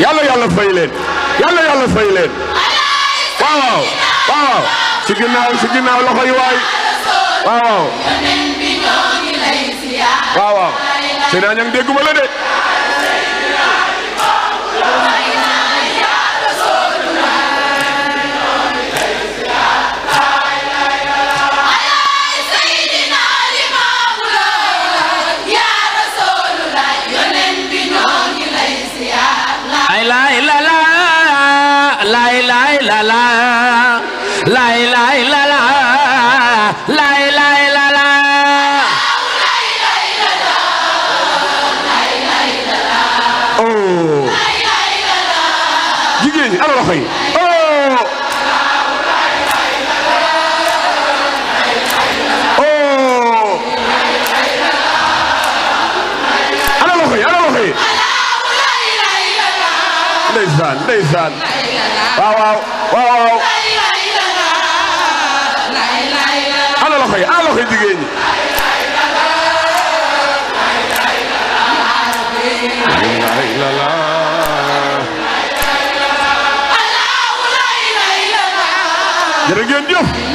yàlla yàlla fay leen yàlla yàlla fay leen waaw waaw ci ginnaaw ci ginnaaw loxo yi waay waaw waaw waaw seen añang dégguma la de jigéen ñi. jërë ngeen jëf.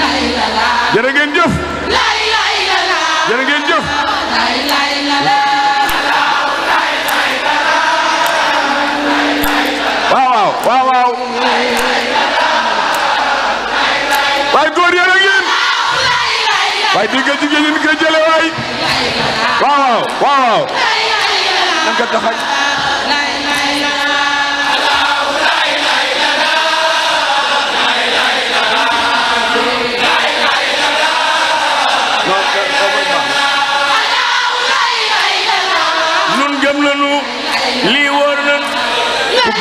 nga jigéen ñi nga jële waay waaw waaw na nga taxañ nun gëm nañu lii wóor nañ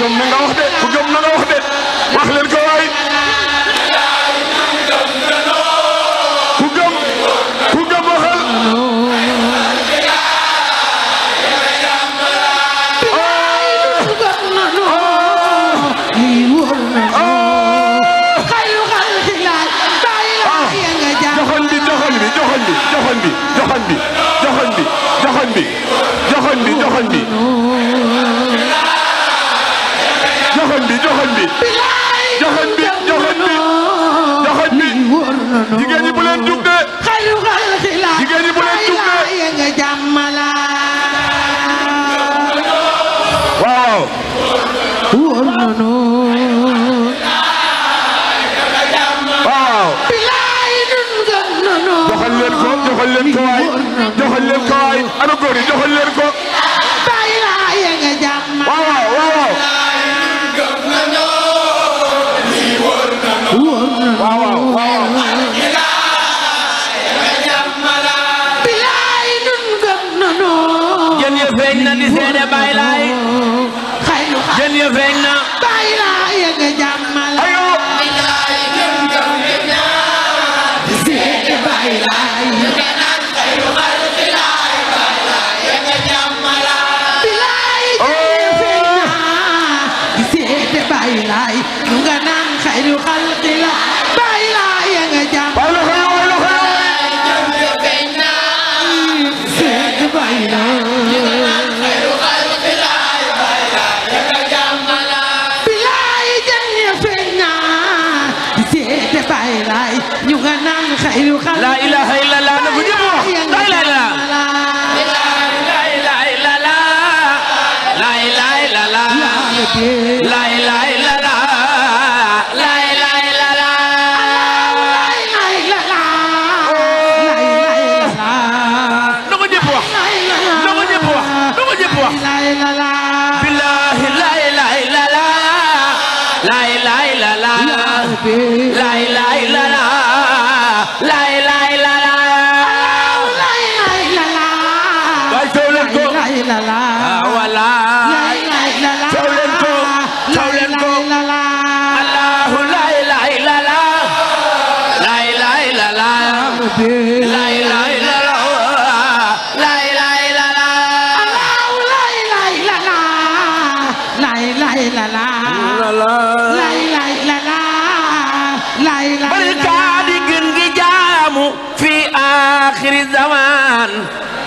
ku gëm na nga wax de ku gëm na nga wax de wax leen ko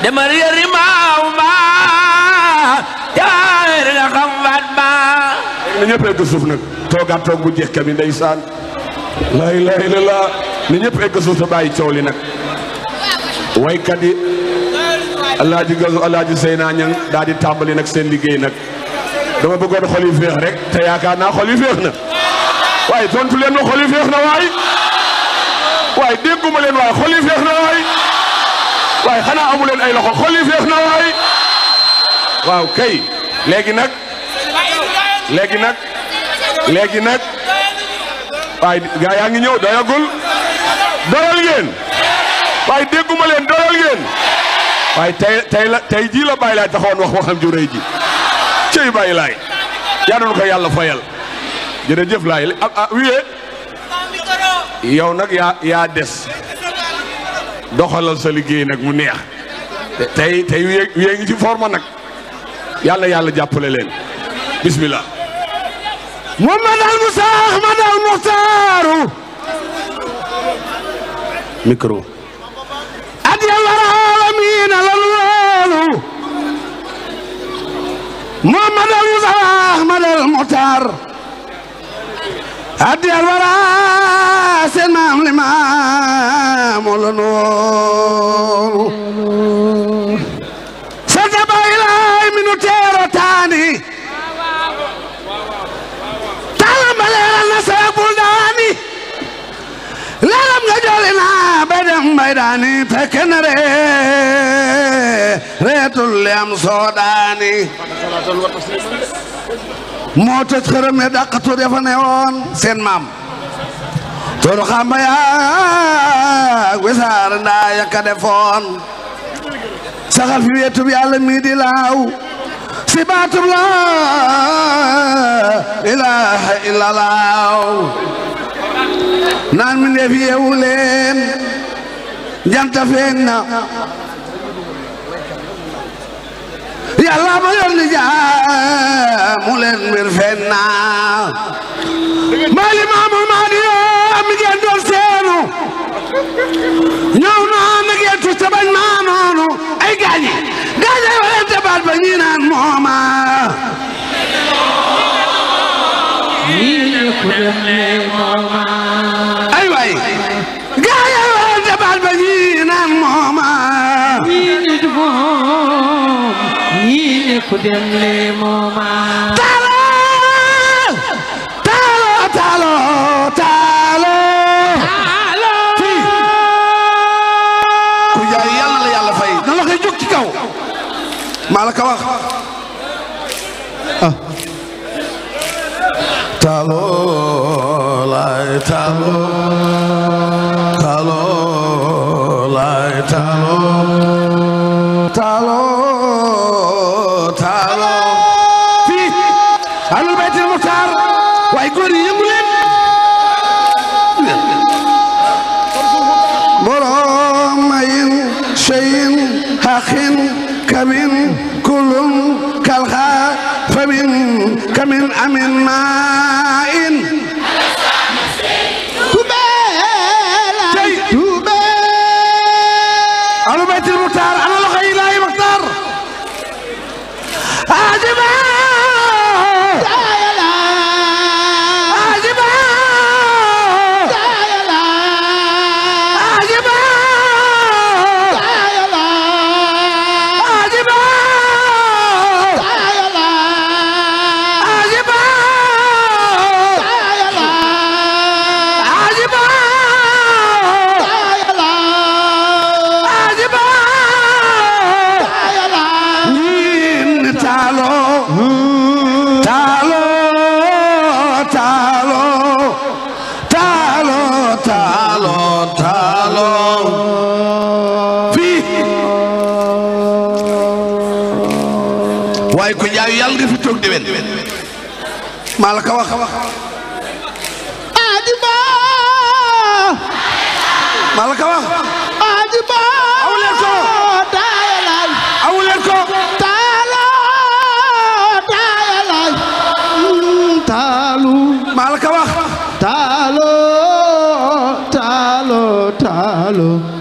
demar yëri maaw ma jaawéer nga xam baat ba na ñëpp egg suuf nag toogaat toog bu jeex kami ndeysaan lay lay la laa ne ñëpp egg suuf te bàyyi coow li nag waykat yi alaaji gasu alaaji naa ñang daal di tàmbali nag seen liggéey nag dama bëggoon xol yu féex rek te yaakaar naa xol yu féex na waaye tontu leen ma xol yu féex na waay waay waaye xanaa leen ay loxo xol yu féex na waay waaw kay léegi nag léegi nag léegi waaye gaa yaa ngi ñëw doyagul doyal ngeen waaye dégguma leen doyal ngeen waaye tey tey la tey jii la bàyyi laay taxawoon wax waxam ju ji cëy bàyyi yaa doon ko yàlla fayal jërëjëf laay ah ah wiyee eh. yow nag yaa yaa des doxalal sa liggéey nag mu neex tey tey wiyee wiyee ngi ci forma nag yàlla yàlla jàppale leen bismillah Muhammad al Musa Ahmad al Muxtaaru micro adiyal waraalamiin la loolu muhammad al musawa ahmad al muxtaar adiyal waraa seen maam li maamu la noonu faydaani fekkene ree reetul li am soodaani moo tëj xërëm ya ya fa ne woon seen maam tur xamba yaag wisaar ndaa yaka defoon saxal fi wéetub yàlla mii di laaw si baatub laa ilaaha illa janta feeñ na yàlla ma yónni jaamu leen mbir feeñ na mali maamu maadi yoo mi ngeen doon seenu ñëw naa na ngeen tu ca bañ maa noonu ay gaañi gaañi ay waleen te baat ba ñi naan mooma ay waay maa la ko wax ah lay talo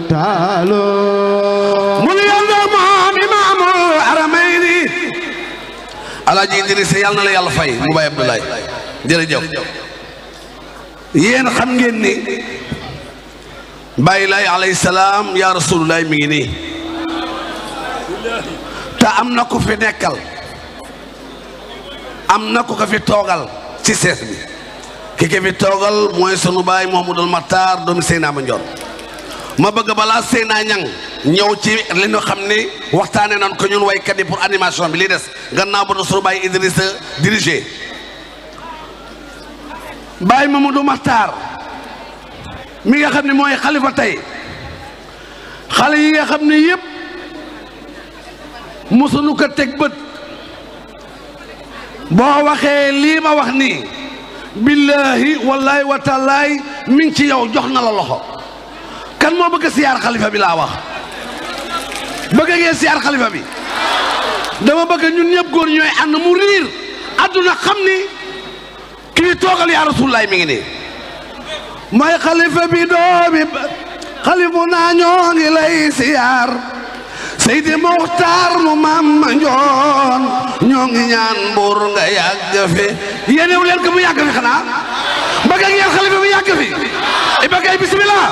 taaloo mu nu yàlla moom imaamul aramayni alaaji Idrissa yàlla na la fay mu baay Abdoulaye jërëjëf yéen xam ngeen ni bàyyi laay alayhi salaam yaa rasulullaay mi ngi nii am na ku fi nekkal am na ku ko fi toogal ci sees bi ki ko fi toogal mooy sunu baay Mouhamadoul Makhtar doomi Seydina Mandione ma bëgg balaa Seyna Ñang ñëw ci li ñu xam ni waxtaane nan ko ñun waykat yi pour animation bi lii des gannaaw ba sunu baay Idrissa dirigé baay Mamadou Makhtar mi nga xam ni mooy xalifa tey xale yi nga xam ne yëpp mosuñu ko teg bët boo waxee lii ma wax nii billaahi wallaahi wa taalaay ci yow jox na la loxo kan moo bëgg siyaar xalifa bi laa wax bëgg ngeen siyaar xalifa bi dama bëgg ñun ñëpp góor ñooy ànd mu riir àdduna xam ni kii toogal yaa rasulullaay mi ngi nii mooy xalifa bi doomi xalifu naa ñoo ngi siyaar Seydi Muxtaar mu maam ma njoon ñoo ngi ñaan buur nga yàgg fi yéenew leen ko mu yàgg fi xanaa bëgg ngeen xalifa bi yàgg fi i bëgg ay bismillah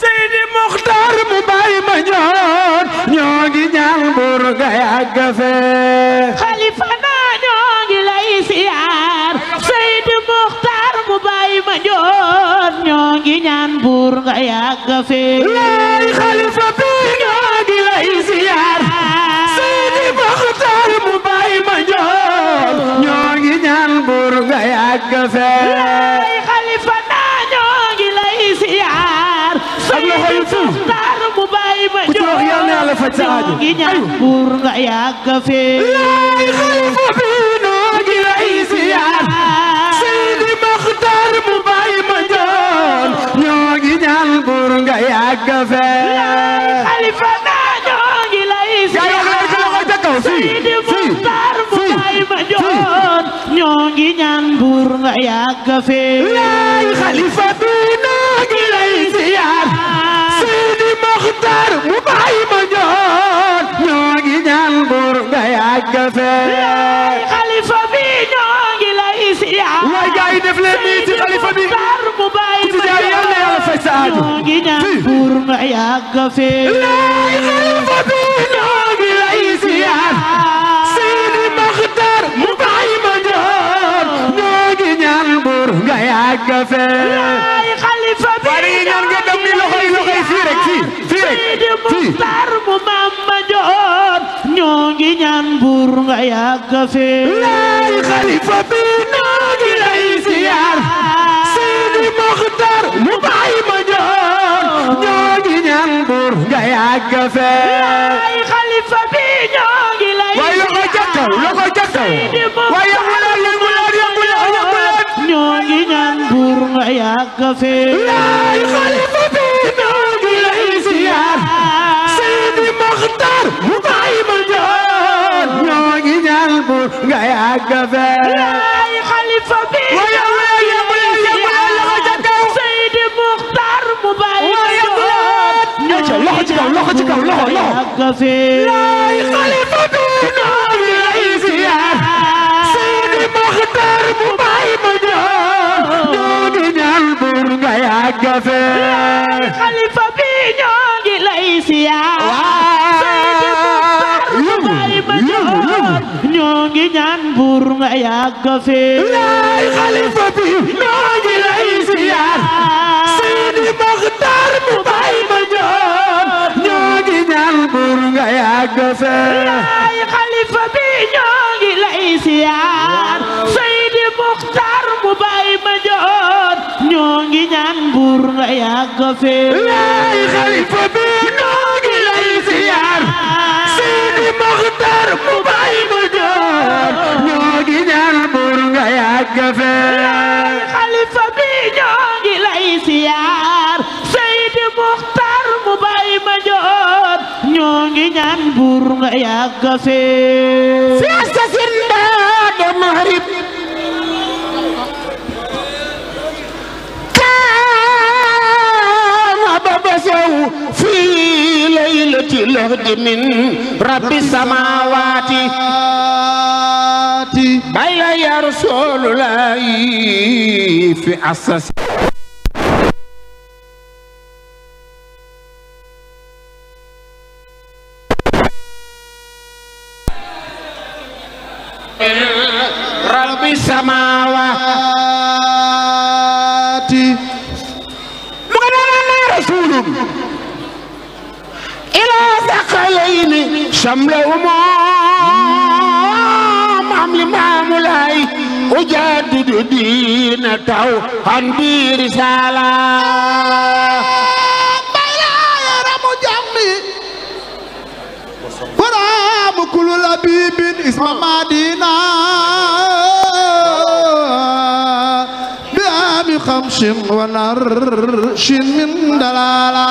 Seydi Muxtaar mu bàyyi ma ñoon ñoo ngi ñaan buur ga lay siyaar Seydi lay siyaar Seydi Muxtaar mu bàyyi ma ñoon ñoo ngi ñaan buur xaaju ngi ñaan buur nga yàgg fi lay xalifa bi noo ngi lay siyaar Seydi Maxtaar mu bay ma joon ñoo ngi ñaan buur nga yàgg fi lay xalifa naa ñoo ngi lay siyaar Seydi Maxtaar mu bay ma joon ñoo ngi ñaan buur nga yàgg fi lay xalifa bi noo ngi lay siyaar Seydi Maxtaar yàgg fee. lay xalifa bi ñoo ngi lay siyaar. waay gars yi def leen nii ci xalifa bi. ku ci jaar yal na yàlla fay sa aaju. ñoo ngi ñaan pour ma yàgg fee. lay xalifa bi ñoo ngi lay siyaar. Seydi Maxtar mu bàyyi ma joor. ñoo ngi ñaan pour nga yàgg fee. Seydi Muxtaar mu maam ma joor ñoo ngi ñaan buur nga yàgg fi lay xalifa bi ñoo ngi lay siyaar Seydi Muxtaar mu baay ma joor ñoo ngi ñaan buur nga yàgg fi lay xalifa bi ñoo ngi lay siyaar waaye loxo jakkaw loxo jakkaw waaye yambulaan yambulaan yambulaan ñoo ngi ñaan buur nga yàgg fi lay xalifa loxo ci kaw loxo ci kaw loxo loxo laay xalifa bi noo ngi lay ziar Seydi Mokhtar mu bàyyi ma jox ñoo ngi ñaan buur nga yàgg fee laay xalifa bi ñoo ngi lay ziar ñaan buur nga yàgg fi laay xalifa bi noo ngi lay siyaar Seydi Maxtaar mu bay ma joon ñoo ngi ñaan buur nga yàgg laay xalifa bi ñoo ngi lay siyaar Seydi Maxtaar mu bay ma joon yàgg fee xalifa bi ñoo ngi lay siyaar Seydi Muxtaar mu bay ma joor ñoo ngi ñaan buur nga yàgg fee siyaasa sinda de muhrib kaama baba sew fii laylati lahdi min rabbi samaawaati يا رسول الله في أساس رب السماوات مغنى رسول إلى ثقلين شملهما يجدد دينته عن بي رسالة بيا مجمي ورام كل لبيب اسم مدينة بأم خمس ونرش من دلالة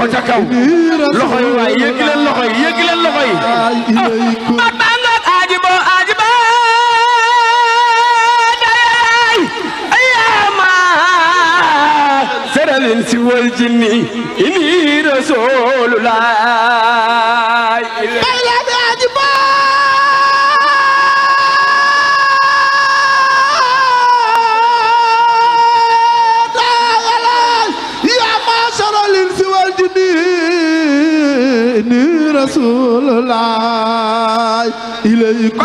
loxo ca loxo yi waay yëkki leen loxo yi yëkki loxo yi bat baa ngoog aaji boo aaji boo dayaay ayaama seralin si wal jinni ini rasulullaay رسول الله إليكم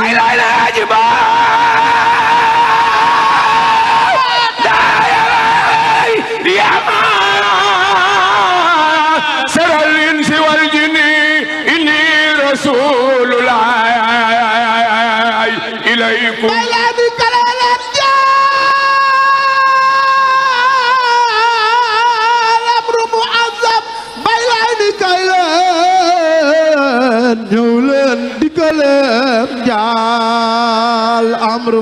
jaal amru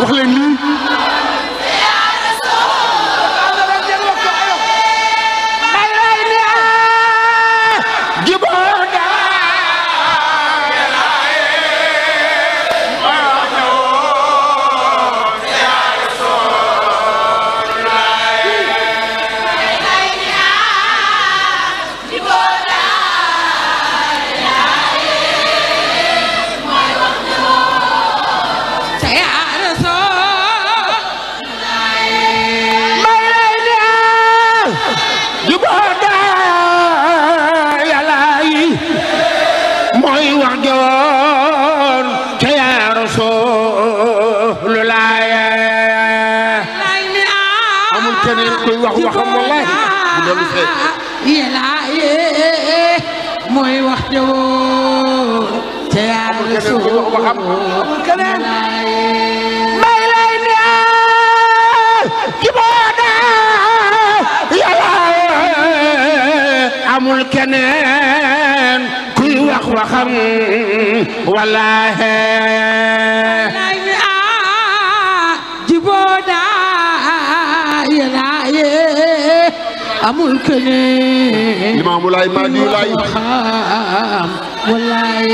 wax leen lii waxam wallaahi bu doon lu feeñ yelaaye mooy wax jawoo te yàlla suuxu ko xam amul keneen may lay ne ki booda yelaaye amul keneen kuy wax waxam wallaahi amul keneen. Limaamu Laay maa di laay. walaay.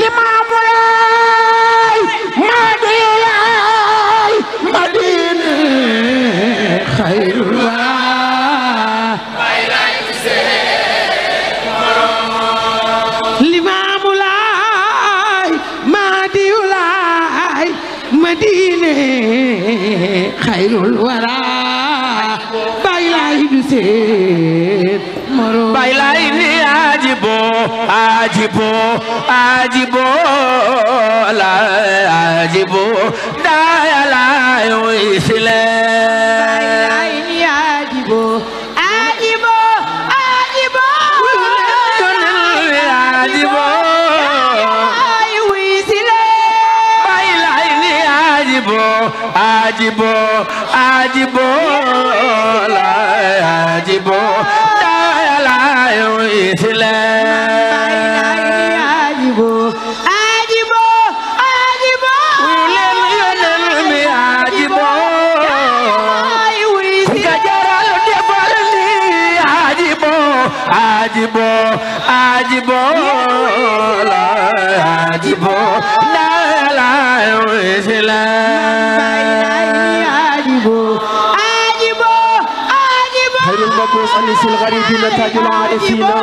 Limaamu Laay maa di laay. Madina xayrul waraa. Limaamu Laay maa di laay. Madina xayrul waraa. baylay ni ajibo ajibo ajibo la ajibo dayalay islam ajibo ajibo la ajibo la la isla ajibo ajibo ajibo khairul mabus anisil gharibina tajul arifina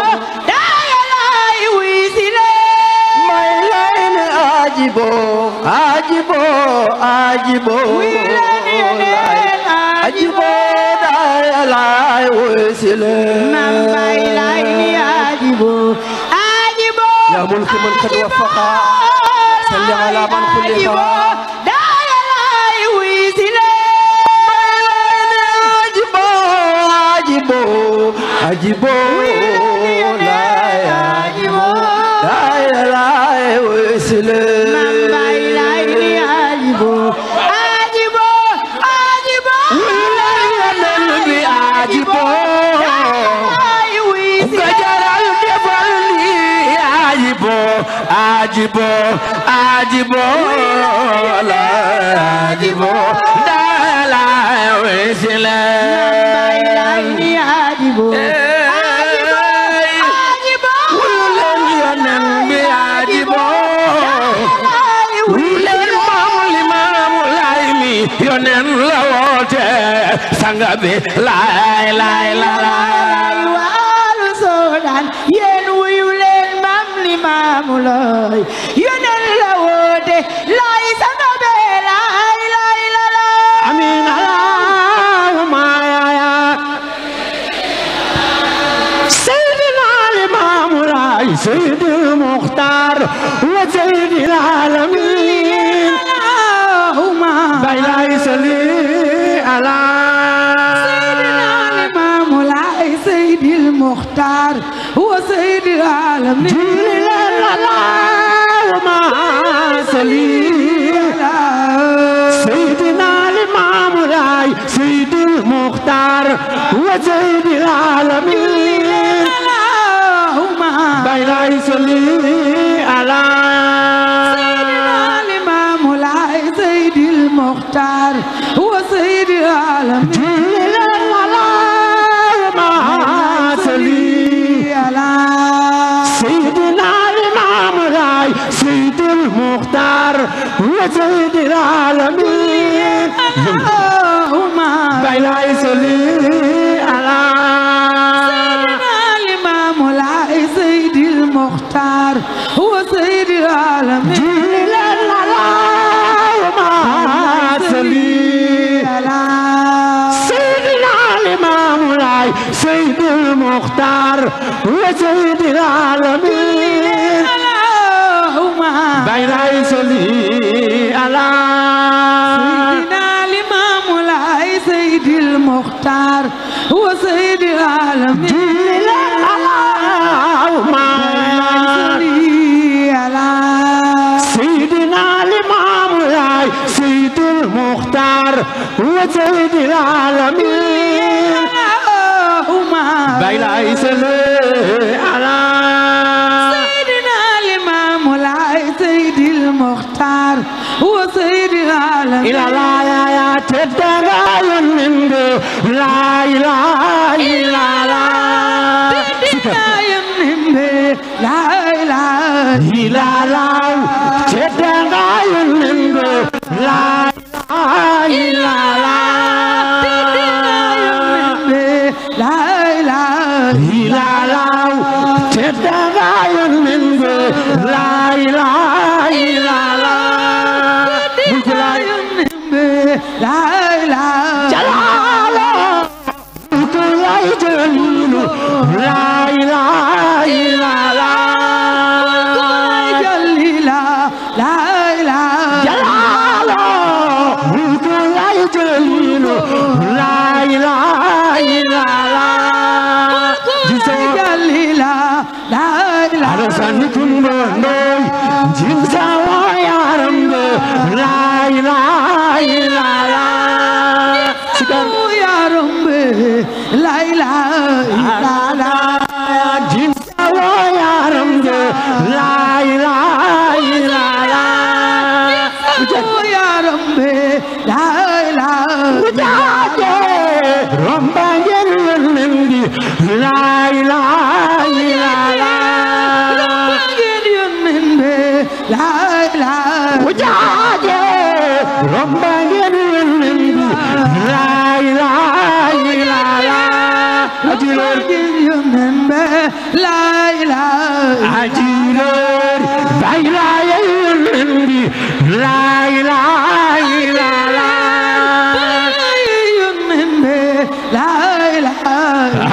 ajibo ajibo ajibo ajibo باي وسلام من باي لايني أجيبو أجيبو يا ملك من قد وفقا صل على من كل فقا أجيبو لا يا أجيبو لا يا لا وسلام عاجبو عاجبو لا عاجبو دالا وسلا لما عاجبو yonen la wote sanga bi lay lay lay lay yonel la woote lay sama bee lay lay la la amin alaa maaya seydina limaamu lay seydi muxtaar wa seydi alamin allahumma bay lay sali alaa سيدي المختار هو سيد العالمين المرسلين سيدنا الإمام راي سيد المختار وزيد العالمين اللهم بين على سيد العالمين اللهم بلا يسلي على سيدنا الإمام العائل سيد المختار هو سيد العالمين جيلا اللهم صلي على سيدنا الإمام العائل سيد المختار هو سيد العالمين اللهم بلا سيدنا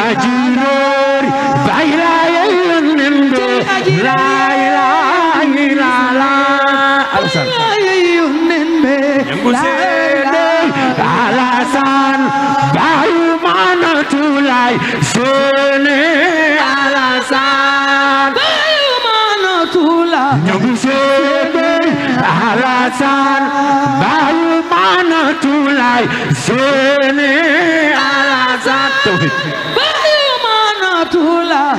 ajiroori bayraaye yonnende laa ilaaha illallaah bayraaye yonnende laa alasan bayu manatulay sene alasan bayu manatulay ñogu sene alasan bayu manatulay sene alasan tawhid tuula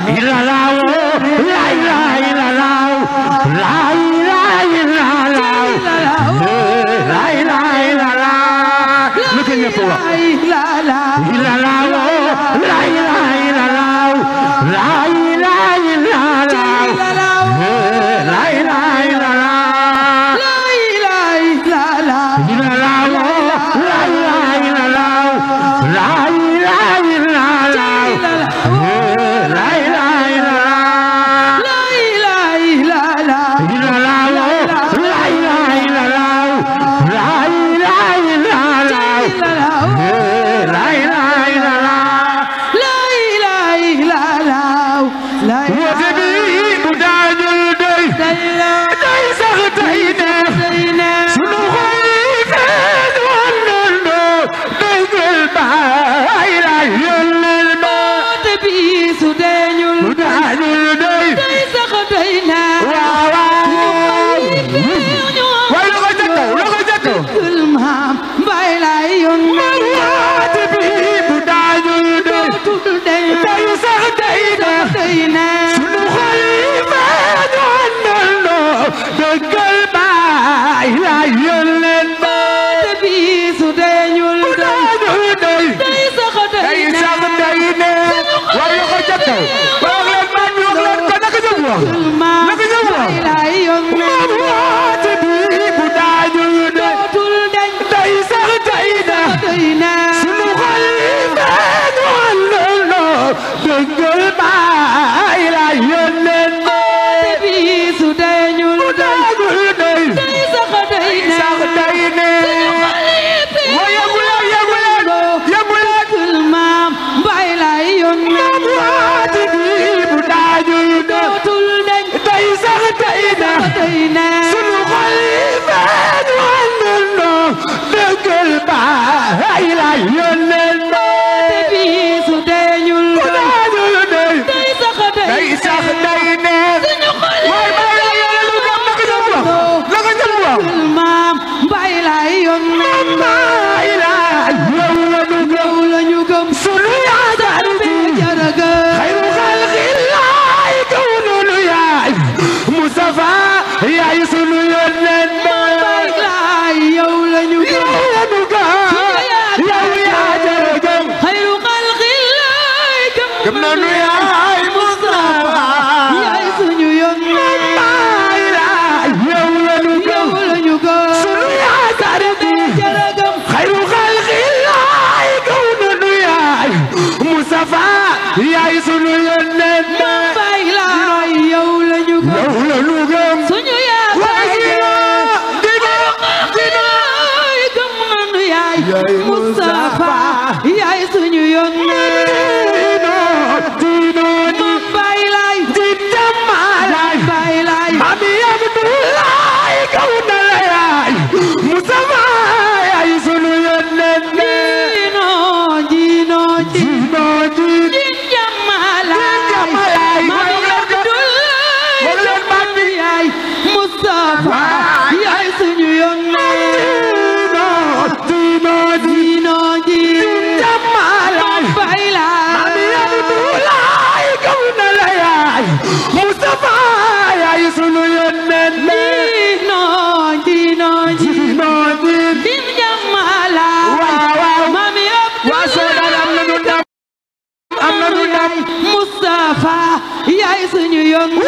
Mustafa yaay suñu yongu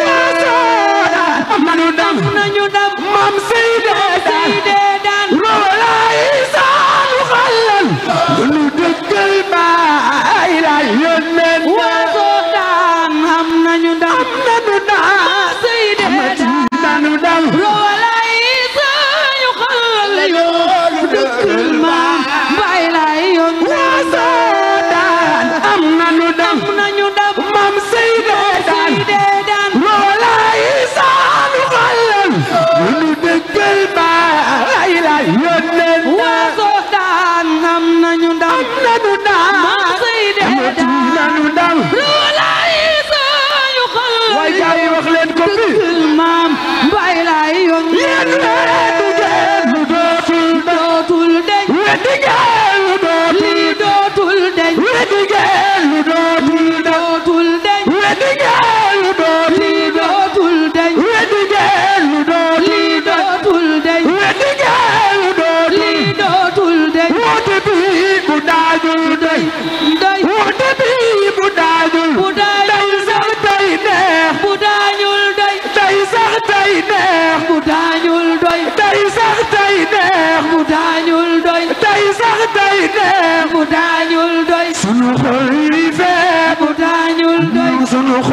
manu dam nañu dam mam sey de daan roolaay saanu xal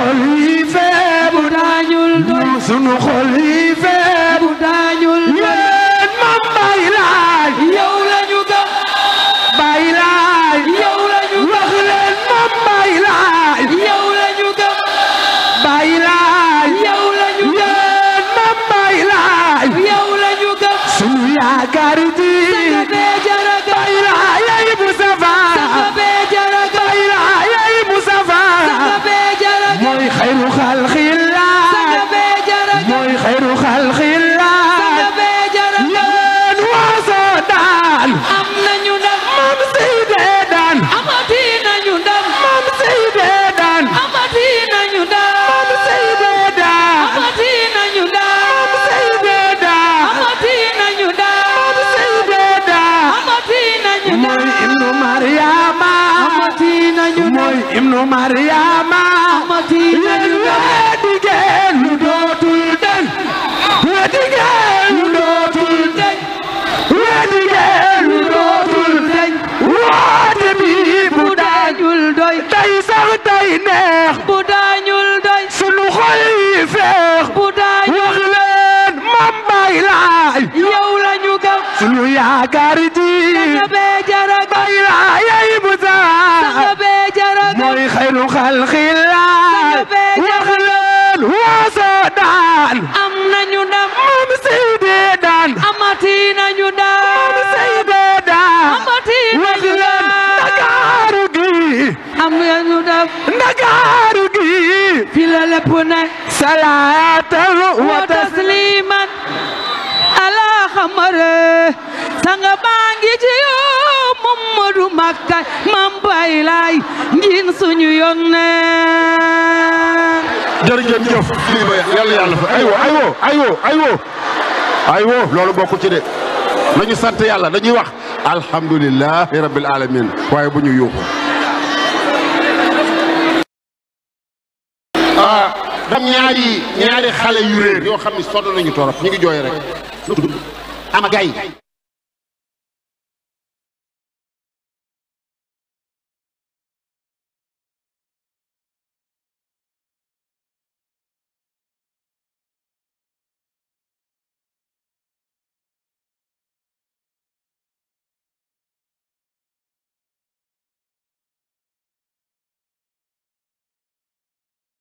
xol yi feebu dañul doy sunu xol yi yaakaar ji bay raayay bu saa mooy xayru xalxila wax leen woosoo daan am nañu dam moom Seydi daan amati nañu daan moom Seydi daan amati nañu daan Ndakaaru gi am nañu dam Ndakaaru gi fi la lépp ne salaatan wa tasliman ala xamare sanga baa ngi ci yoo Mamadu Makka mam bay lay njiin suñu yonneen jërëjëf jëf yàlla yàlla fa aywo aywo aywo aywo aywo loolu bokku ci de nañu sant yàlla dañuy wax alhamdulillahi rabbil alamin waaye bu ñu yuuxu ah dam ñaari ñaari xale yu réer yoo xam ne sonn nañu torop ñu ngi jooy rek ama gay